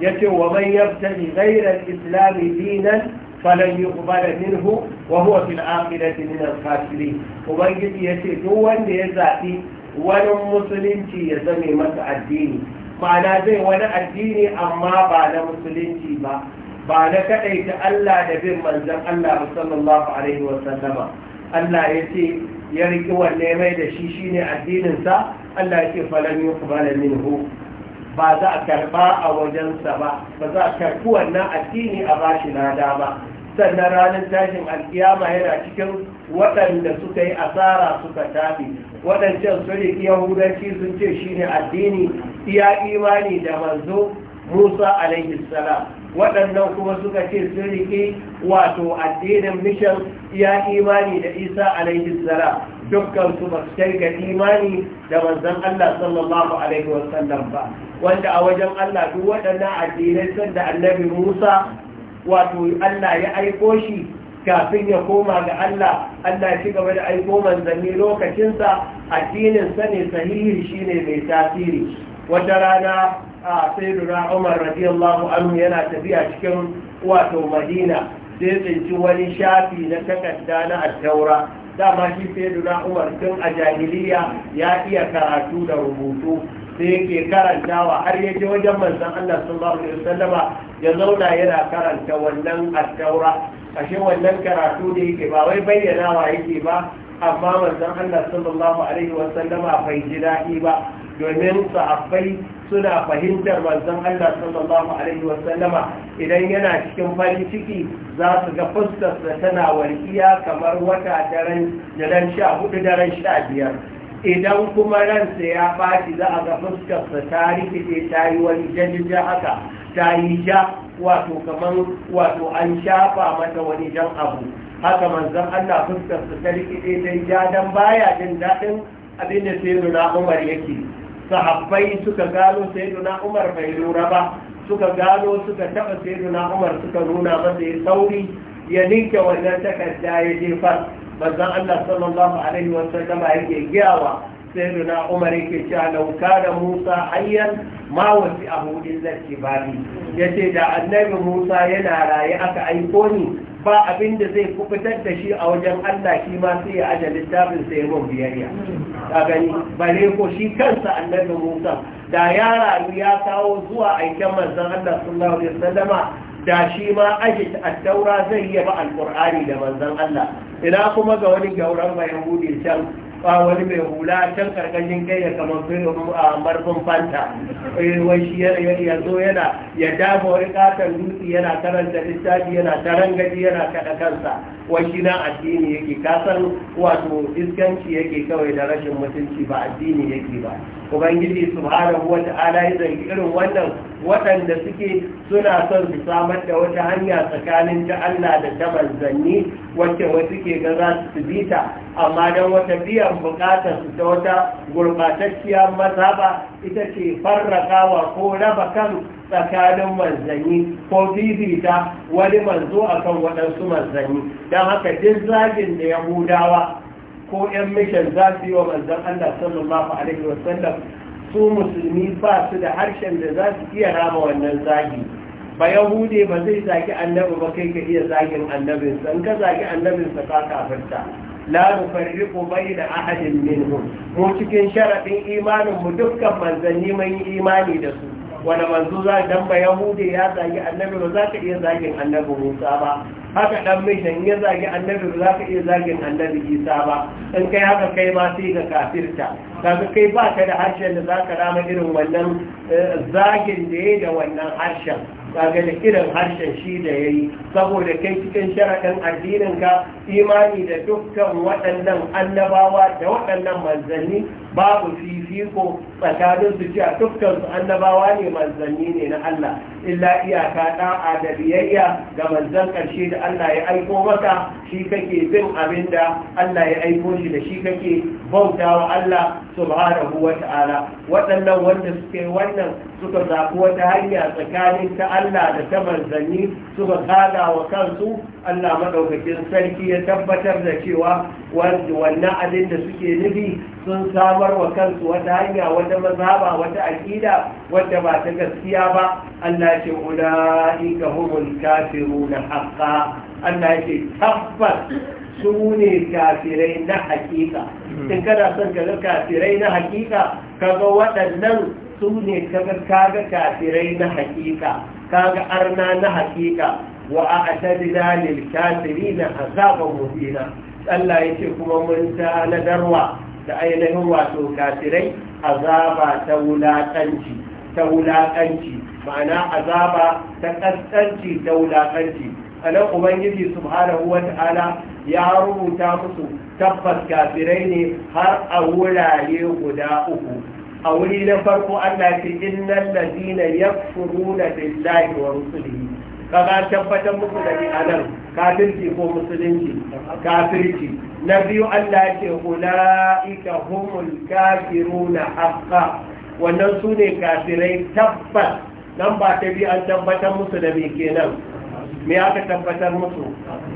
[SPEAKER 1] ya ce wa man yabtani ghairal islami dinan falan da minhu wa huwa fil akhirati min al ubangiji ya ce duk wanda ya zaɓi wani musulunci ya zame masa addini ma'ana zai wani addini amma ba na musulunci ba ba na ta Allah da bin manzon Allah sallallahu alaihi wa sallama Allah ya ce ya riƙi wanne mai da shi shine addininsa Allah ya ce falan yuqbala minhu ba za a karba a wajensa ba ba za a karbi wannan addini a bashi lada ba sannan ranar tashin alkiyama yana cikin waɗanda suka yi asara suka tafi waɗancan su yahudanci sun ce shine addini iya imani da manzo musa alaihi salam waɗannan kuma suka ce sun riƙe wato addinin mishan ya imani da isa alaihi sara dukkan su ba su imani da manzon Allah sallallahu alaihi wasallam ba wanda a wajen Allah duk waɗannan addinai sun da annabi Musa wato Allah ya aiko shi kafin ya koma ga Allah Allah ci gaba da aiko manzanni lokacinsa addinin sa ne sahihi shine mai tasiri wata rana a sayyiduna umar radiyallahu anhu yana tafiya cikin wato madina sai tsinci wani shafi na takarda na attaura dama shi sayyiduna umar tun a jahiliya ya iya karatu da rubutu sai yake karantawa har ya je wajen manzon Allah sallallahu alaihi wasallama ya zauna yana karanta wannan attaura ashe wannan karatu da yake ba wai bayyanawa yake ba amma manzon Allah sallallahu alaihi wasallama bai ji daɗi ba domin sahabbai suna fahimtar manzon Allah sallallahu alaihi wasallama idan yana cikin farin ciki za su ga fuskarsa tana walƙiya kamar wata daren daren sha daren sha idan kuma ransa ya ɓaci za a ga fuskarsa ta rikice ta yi wani jajija haka ta yi ja wato kamar wato an shafa mata wani jan abu haka manzon Allah fuskarsa ta rikice ta yi ja dan baya jin dadin abin da sai nuna umar yake sahabbai suka gano sayyiduna umar bai lura ba suka gano suka taba sayyiduna umar suka nuna masa ya sauri ya ninke wannan takarda ya jefa manzon Allah sallallahu alaihi wasallam yake giyawa na umar yake cewa lauka da musa hayyan ma a hudin zarki yace da annabi musa yana raye aka aiko ni ba abin da zai kubutar da shi a wajen allah shi ya aje littafin sai mun biyayya a gani bare ko shi kansa annabi musa da ya rayu ya kawo zuwa aiken manzon allah sallallahu da shi ma aji tattaura zai yi yaba alkur'ani da manzon allah ina kuma ga wani gauran bayan hudin can ba wani mai hula can karkashin kai ya kamar marfin fanta eh, wai shi ya zo yana ya dama wani katon dutse yana karanta littafi yana taron gaji yana kada kansa wai shi na addini yake kasan wato iskanci yake kawai da rashin mutunci ba addini yake ba ubangiji subhanahu wa ta'ala ya zargi irin wannan waɗanda suke suna son su samar da wata hanya tsakanin ta Allah da ta manzanni wacce wasu ke ga za su bi ta amma don wata biyan bukatar su ta wata gurɓatacciyar mazaba ita ce farrakawa ko raba kan tsakanin manzanni ko fifita wani manzo akan waɗansu manzanni don haka duk zagin da yahudawa ko yan mishan za su yi wa manzan Allah sallallahu alaihi sallam su musulmi ba su da harshen da za su iya rama wannan zagi ba yahude ba zai zagi annabi ba kai ka iya zagin annabinsa in ka zagi annabinsa ka kafirta la nufarriqu bayna ahadin minhum mu cikin sharadin imanin mu dukkan manzanni mun yi imani da su wani manzo za dan ba yahudi ya zagi annabi ba za ka iya zagin annabi musa ba haka dan mishan ya zagi annabi ba za ka iya zagin annabi isa ba in kai haka kai ma sai ka kafirta kaga kai ba ka da harshen da za ka rama irin wannan eh, zagin da ya da wannan harshen kaga da irin harshen shi da ya yi saboda kai cikin sharaɗin addinin ka imani da dukkan waɗannan annabawa da waɗannan manzanni babu fi fifiko tsakanin su cewa dukkan su annabawa ne manzanni ne na Allah illa iyaka da'a da biyayya ga manzan karshe da Allah ya aiko maka shi kake bin abin da Allah ya aiko shi da shi kake bautawa Allah subhanahu wa ta'ala waɗannan wanda suke wannan suka zaɓi wata hanya tsakanin ta Allah da ta manzanni suka kada wa kansu Allah maɗaukakin sarki ya tabbatar da cewa wannan abin da suke nufi sun samar wa kansu wata hanya wata ba wata aƙida wadda ba ta gaskiya ba Allah ce ulaika humul na haqqan Allah ce tabbas su ne kafirai na hakika in kana son ka ga kafirai na Ka kaga waɗannan su ne kaga kafirai na Ka kaga arna na haƙiƙa? wa’a’adadina lilkatiri na azaba mubina Allah ya ce kuma mun ta nadarwa da ainihin wato kafirai azaba ta wulaƙanci ta wulaƙanci ma'ana azaba ta ƙasƙanci ta wulaƙanci a nan ubangiji su hana wata'ala ya rubuta musu tabbas kafirai ne har a wurare guda uku a wuri na farko an lafi innan lalzina ya furu na billahi wa rusulihi kaga tabbatar muku da ni anan kafirci ko musulunci kafirci na biyu Allah ce ulaika humul kafiruna haqqa wannan su ne kafirai tabbas nan ba ta bi an tabbatar musu da me kenan me aka tabbatar musu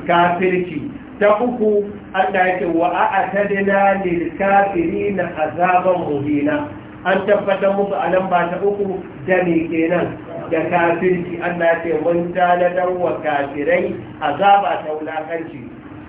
[SPEAKER 1] kafirci ta uku Allah ya ce wa a'tadna lil kafirina azaban muhina an tabbatar musu a nan ba ta uku da me kenan da kafirci Allah ce mun tanadar wa kafirai azaba ta wulakanci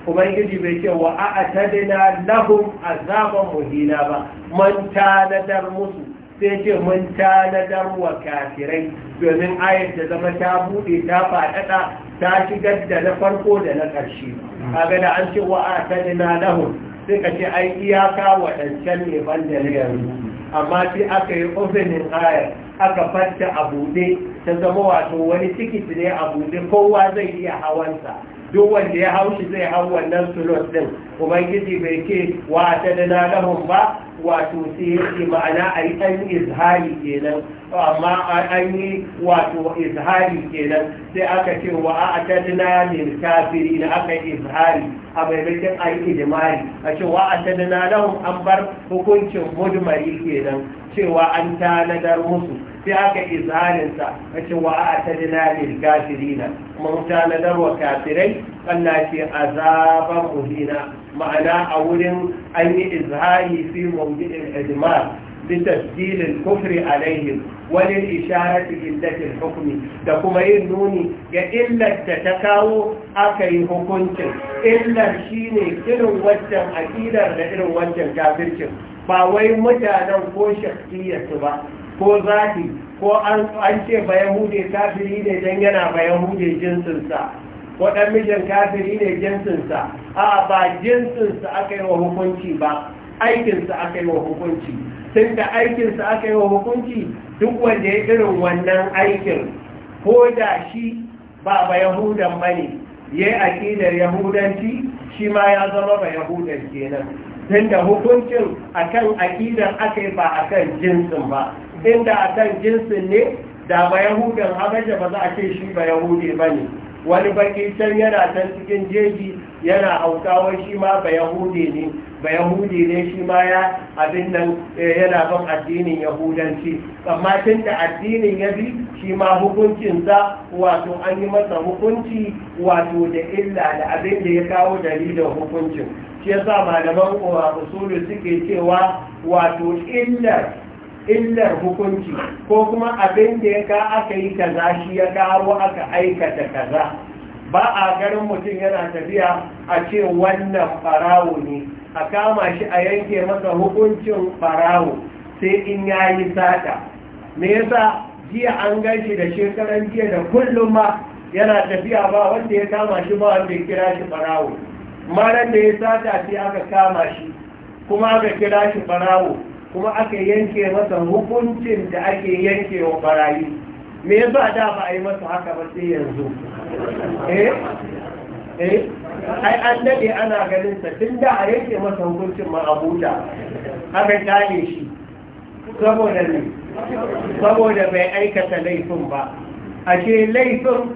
[SPEAKER 1] ubangiji bai ce wa tadina lahum azaban muhina ba mun tanadar musu sai ce mun tanadar wa kafirai domin ayar da zama ta bude ta faɗaɗa ta shigar da na farko da na ƙarshe kaga da an ce wa tadina lahum sai ka ce ai iyaka waɗancan ne ban da yanzu amma sai aka yi ofinin ayar aka fanta a bude. ta zama wato wani tikiti ne a bude kowa zai iya hawansa duk wanda ya haushi zai hau wannan sulot din ubangiji bai ke wa ta da na lahun ba wato sai yake ma'ana a yi an izhari kenan amma an yi wato izhari kenan sai aka ce wa a atadna lil kafiri da aka yi izhari a maimakon a yi ijmari a ce wa atadna lahum an bar hukuncin mudmari kenan cewa an tanadar musu sai aka yi izharinsa a ce wa a atadna lil kafirina mun tanadar wa kafirai Allah ce azaban muhina ma'ana a wurin an yi izhari fi mawujin ajima bitasdilin kufri alaihim wani isharar illatin hukumi da kuma yin nuni ga illar da ta kawo aka yi hukuncin illar shine ne irin wancan aƙidar da irin wancan gafircin ba wai mutanen ko shakiyarsu ba ko zafi ko an ce ba yahude kafiri ne don yana bayan yahude jinsinsa waɗan mijin kafiri ne jinsinsa a ba jinsinsa aka yi wa hukunci ba aikinsa aka yi wa hukunci tun da aikinsa aka yi wa hukunci duk wanda ya irin wannan aikin ko da shi ba ba yahudan ya yi aƙidar yahudanci shi ma ya zama ba yahudan kenan da hukuncin akan aƙidar aka yi ba akan jinsin ba inda akan jinsin ne da ba yahudan habaja ba za a ce shi ba yahudi ba ne wani baki can yana can cikin jeji yana haukawa shi ma ba yahudi ne ba yahudi ne shi ma ya abin nan eh, yana ban addinin yahudanci amma tun da addinin ya bi shi ma hukuncinsa wato an yi masa hukunci wato da illa da abin da ya kawo dalilin hukuncin shi yasa malaman uh, usulu suke cewa wato illar illar hukunci ko kuma abin da ya ka aka yi kaza shi ya kawo aka aikata kaza ba a garin mutum yana tafiya a ce wannan farawo ne a kama shi a yanke masa hukuncin farawo sai in ya yi sata me yasa jiya an ganshi da shekaran jiya da kullum ma yana tafiya ba wanda ya kama shi ba wanda ya kira shi farawo maran da ya sata sai aka kama shi kuma aka kira shi farawo kuma aka yanke masa hukuncin da ake yanke wa barayi me yasa da ba a yi masa haka ba sai yanzu eh eh ai an dade ana ganin sa tun da a yanke masa hukuncin ma abuja haka tare shi saboda ne saboda bai aikata laifin ba ashe laifin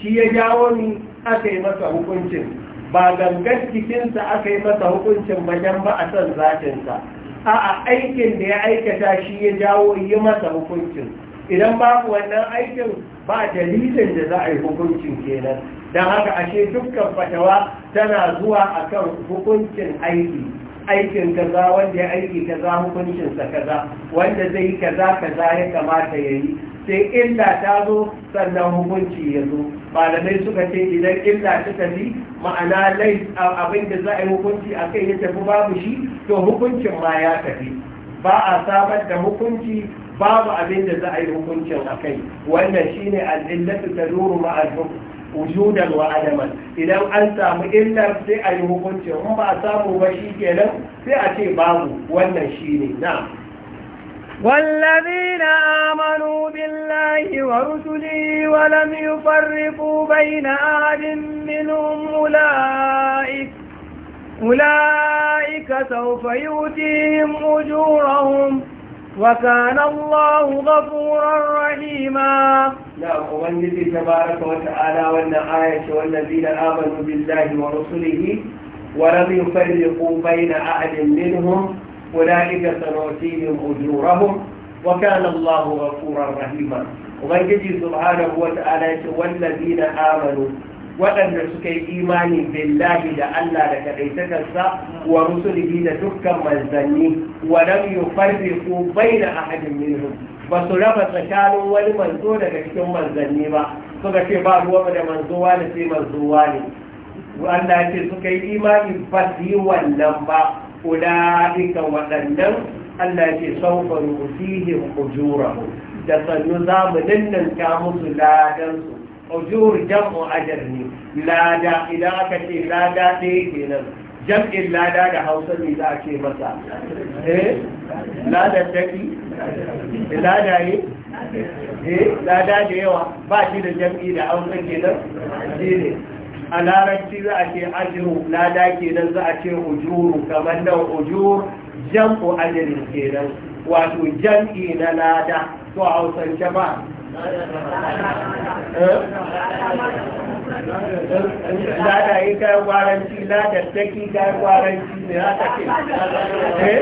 [SPEAKER 1] shi ya jawo ni aka yi masa hukuncin ba gangan jikinsa aka yi masa hukuncin bajan ba a son zatinsa a'a aikin da ya aikata shi ya jawo yi masa hukuncin idan babu wannan aikin ba dalilin da za a yi hukuncin kenan don haka ashe dukkan fatawa tana zuwa akan hukuncin aiki aikin kaza wanda ya aiki kaza hukuncinsa kaza wanda zai yi kaza kaza ya kamata ya yi sai illa ta zo sannan hukunci ya zo malamai suka ce idan illa ta tafi ma'ana lai abin da za a yi hukunci a kai ya tafi babu shi to hukuncin ma ya tafi ba a samar da hukunci babu abin da za a yi hukuncin a kai wannan shine al'illatu ta duru ma'al wujudan wa adaman idan an samu illar sai a yi hukunci kuma ba a samu ba shi kenan sai a ce babu wannan shi ne na
[SPEAKER 2] والذين آمنوا بالله ورسله ولم يفرقوا بين أحد منهم أولئك أولئك سوف يؤتيهم أجورهم وكان الله غفورا رحيما
[SPEAKER 1] لا أبنجي تبارك وتعالى وأن آية والذين آمنوا بالله ورسله ولم يفرقوا بين أحد منهم أولئك سنؤتيهم أجورهم وكان الله غفورا رحيما وبنجي سبحانه وتعالى والذين آمنوا waɗanda suka yi imani billahi da Allah da kaɗaitakarsa wa rusulihi da dukkan manzanni wa lam yufarriqu baina ahadin minhum ba su raba tsakanin wani manzo daga cikin manzanni ba suka ce ba ruwa da manzowa da sai manzowa ne Allah ce suka yi imani ba su yi wannan ba ulaika waɗannan Allah ce saufa rusihim ujurahum da sannu za mu ninninka musu ladansu ujur jam'u ajar ne lada idan aka ce lada ɗaya kenan jam'in lada da hausa ne ce masa eh? eh lada da yawa ba shi da jam'i da hausa kenan shi ne a larabci za a ce ajiru lada kenan za ce ujuru kamar nan ujur jam'u ajarin kenan wato jam'i na lada to a hausance lada yi kayan kwaranci lada taki kayan kwaranci ne haka ke eh?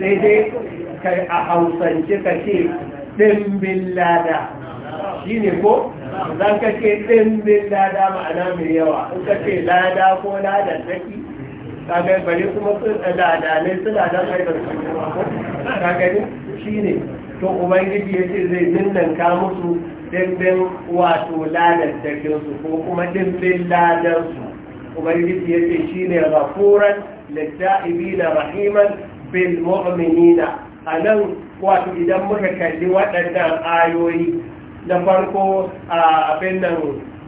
[SPEAKER 1] sai dai kai a hausance ka ce ɗimbin lada shi ne ko zan ka ce ɗimbin lada ma'ana mai yawa in ka ce lada ko lada taki kaga bari kuma eh, da dalai suna da haifar su ka gani shi ne to ubangiji ya ce zai ninninka musu dimbin wato ladar su ko kuma dimbin ladar su ubangiji ya ce shi ne rafuran litta'ibi na rahiman bil mu'minina a nan wato idan muka kalli waɗannan ayoyi na farko a abin nan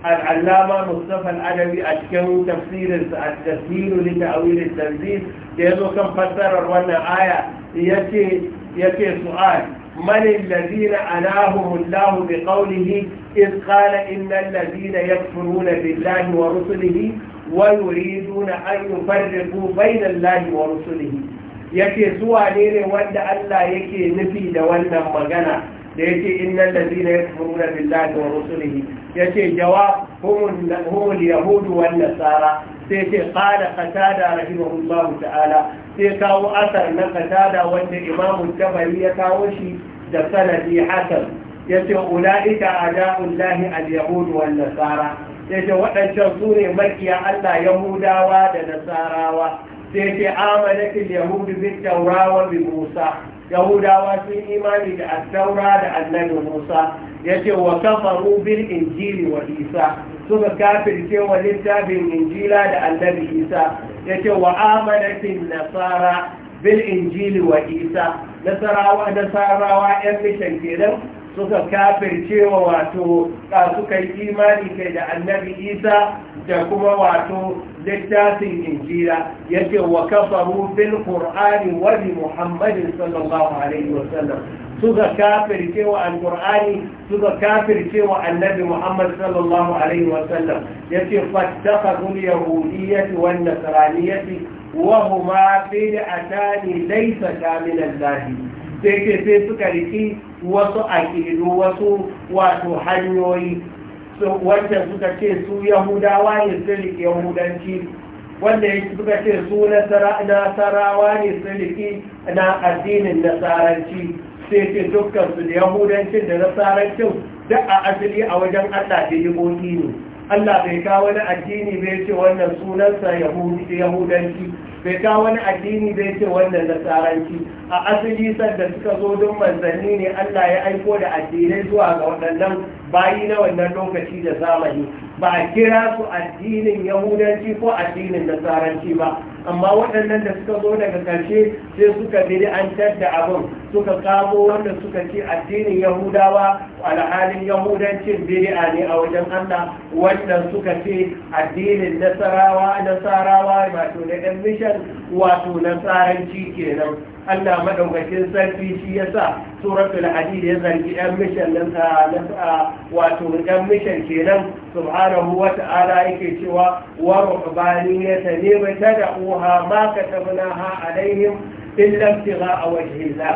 [SPEAKER 1] al’allama musamman adabi a cikin tafsirin a tafsirin lita a wilis tanzis da ya zo kan fassarar wannan aya ya ce su'ad manin lalina alahun lahu bi kaunihi in kala innan lalina ya furuna billahi wa rusulihi wani rizu na an yi farin ku bai da wa rusulihi ya ce suwa ne wanda allah yake nufi da wannan magana da yake innal ladina yakfuruna billahi wa rusulihi yace jawab humul humul yahud wal nasara sai ce qala qatada rahimahullahu ta'ala sai kawo asar na katada wanda imamu tabari ya kawo shi da sanadi hasan yace ulaika ada'ullahi al yahudu wal nasara yace waɗancan su ne makiya Allah yahudawa da nasarawa sai ce amanatil yahudu bit taurawa wa bi musa yahudawa sun imani da attaura da annabi musa ya ce wa kafaru bil injili wa isa suka kafirce wa littafin injila da annabi isa ya ce wa amanatin nasara bil injili wa isa nasarawa nasarawa yan mishan kenan suka kafircewa wato suka yi imani kai da annabi isa da kuma wato littafin injira ce wa kafaru bil qur'ani wa muhammadin sallallahu alaihi wasallam suka kafircewa alqur'ani suka kafircewa annabi muhammad sallallahu alaihi wasallam yace fattakhadhu al-yahudiyyah wan nasraniyyah wa huma bid'atan laysa min Allah sai sai suka riki wasu aƙidu wasu wato hanyoyi wanda suka ce su yahudawa ne sun yahudanci wanda suka ce su nasarawa ne sun na addinin nasaranci sai ce dukkansu da yahudancin da nasarancin duk a asali a wajen allah da ne allah bai kawo wani addini bai ce wannan sunansa yahudanci bai ga wani addini bai ce wannan tsaranci a asali sanda suka zo don manzanni ne Allah ya aiko da addinai zuwa ga waɗannan bayi na wannan lokaci da zamani ba a kira su addinin yahudanci ko addinin nasaranci ba amma waɗannan da suka zo daga ƙarshe sai suka an da abin suka kamo wanda suka ce addinin yahudawa alhalin yahudancin bid'a ne a wajen allah wannan suka ce addinin nasarawa nasarawa wato na ɗan mishan wato nasaranci kenan Allah madaukakin sarki shi yasa suratul hadid ya zargi ɗan mishan nan ta wato ɗan mishan kenan subhanahu wa ta'ala yake cewa wa rubbaniyata ne ba ta da uha ma ka tabnaha alaihim illa ibtigha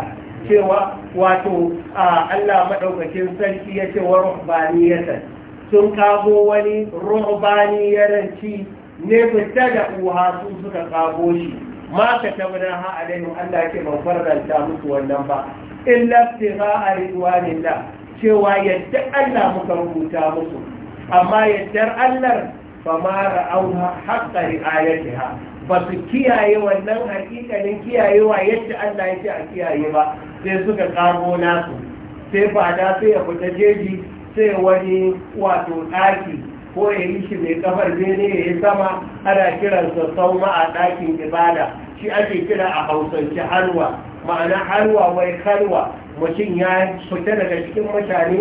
[SPEAKER 1] cewa wato Allah madaukakin sarki ya ce wa rubbaniyata sun kago wani rubaniyaranci ne ba ta da uha su suka kago shi ma ka tabbatar ha alaihim Allah ke ban faranta musu wannan ba illa ibtigha ridwanillah cewa yadda Allah muka rubuta musu amma yaddar Allah fa ma ra'awha haqqa ri'ayatiha ba su kiyaye wannan hakikalin kiyayewa yadda Allah ya ce a kiyaye ba sai suka karo nasu sai fada sai ya fita jeji sai wani wato ɗaki ko ya yi shi mai kafar bene ya yi sama ana kiransa sauma a ɗakin ibada shi ake kira a hausance harwa. ma'ana harwa wai harwa. mutum ya fita daga cikin mutane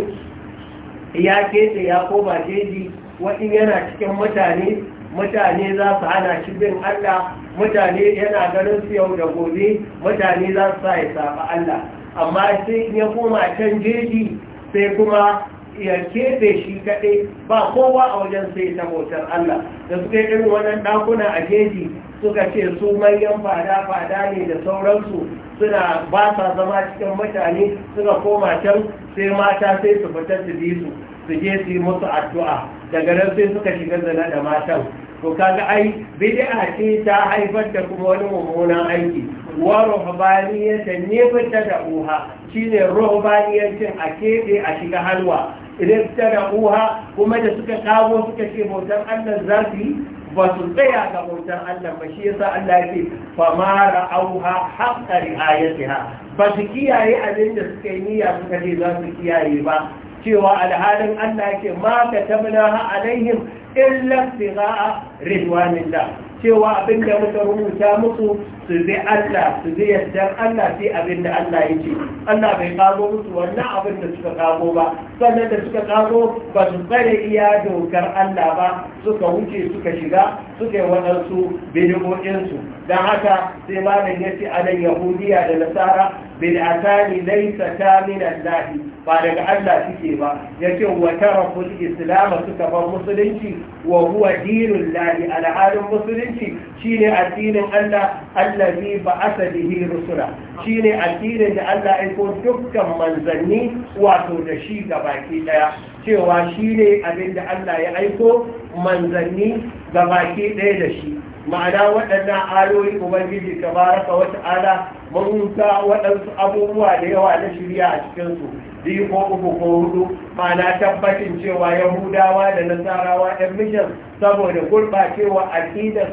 [SPEAKER 1] ya kese ya koma jeji Waɗin yana cikin mutane mutane za su hana shi bin allah mutane yana ganin su yau da gobe mutane za su sa ya allah amma sai ya koma can jeji sai kuma ya da shi kaɗai ba kowa a wajen sai ta motar Allah da suka yi irin wannan ɗakuna a jeji suka ce su manyan fada-fada ne da sauransu suna ba sa zama cikin mutane suka koma can sai mata sai su fita su bi su su je su yi musu addu'a daga nan sai suka shiga zana da matan to kaga ai bid'a ce ta haifar da kuma wani mummunan aiki wa ruhbaniyatan ne fita da uha shine ruhbaniyancin a keɓe a shiga halwa idan ta da uha kuma da suka kawo suka ce bautar Allah zafi ba su tsaya ga bautar Allah ba shi yasa Allah ya ce fa ma ra'auha haqqa ri'ayatiha ba su kiyaye abin da suka yi niyya suka ce za su kiyaye ba cewa alhalin Allah yake ma ka tabna ha alaihim illa tigaa ridwanillah cewa abin da muka rubuta musu su bi Allah su bi yardar Allah sai abin da Allah ya ce Allah bai kago musu wannan abin da suka kago ba sannan da suka kago ba su tsare iya dokar Allah ba suka wuce suka shiga suka yi waɗansu bidigoɗinsu don haka sai malam ya ce anan yahudiya da nasara bid'atani laysa ta min Allah ba daga Allah suke ba yace wa tarafu al-islam suka bar musulunci wa huwa dinul lahi musulunci shine addinin Allah allazi ba'atha bihi rusula shine addinin da Allah ya aiko dukkan manzanni wato da shi baki daya cewa shine abin da Allah ya aiko manzanni baki daya da shi ma'ana waɗannan aloli ubangiji tabaraka wa ta'ala mahuta waɗansu abubuwa da yawa na shirya a cikinsu biyu ko uku ko hudu ma'ana tabbacin cewa yahudawa da nasarawa ɗan mishan saboda gurɓacewa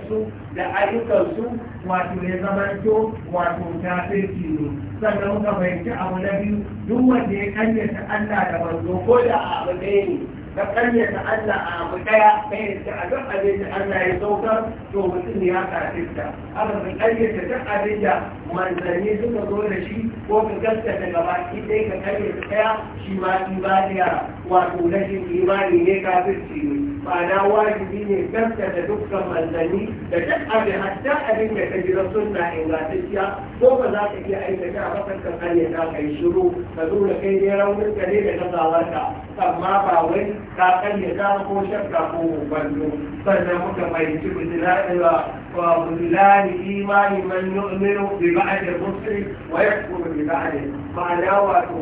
[SPEAKER 1] su da ayyukansu wato ya zamanto wato tafirki ne sannan muka fahimci abu na biyu duk wanda ya kanyata allah da manzo ko da abu ɗaya ne na karyata Allah a abu daya kai a duk abin da Allah ya saukar to mutum ya kafirta haka ka karyata duk abin da manzanni suka zo da shi ko ka gaskata gaba ki dai ka karyata daya shi ma ibadiya wato shi imani ne kafirci ne bana wajibi ne gaskata dukkan manzanni da duk abin hatta abin da ka jira sunna ingantacciya ko ba za ka iya aikata a kasar ka karyata kai shiru ka zo da kai ne raunin ka ne da gazawarka amma ba wai ka karyata ko shakka ko bandu sannan muka mai ci bidilani wa bidilani imani man yu'minu bi ba'd al-musri wa yakfuru bi ba'd ma'ana wato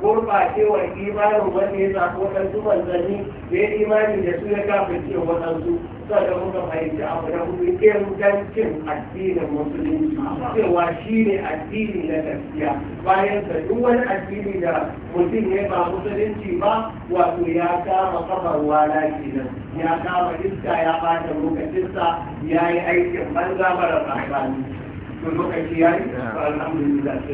[SPEAKER 1] gurbacewar imanin wanda ya zaɓi waɗansu manzanni da ya imani da su ya kafirce waɗansu sannan muka fahimci abu na hudu ingancin addinin musulunci cewa shi ne addini na gaskiya bayan da duk wani addini da mutum ya ba musulunci ba wato ya ka kama kafar wala kenan ya kama iska ya bata lokacinsa ya yi aikin banza mara amfani to lokaci ya yi alhamdulillah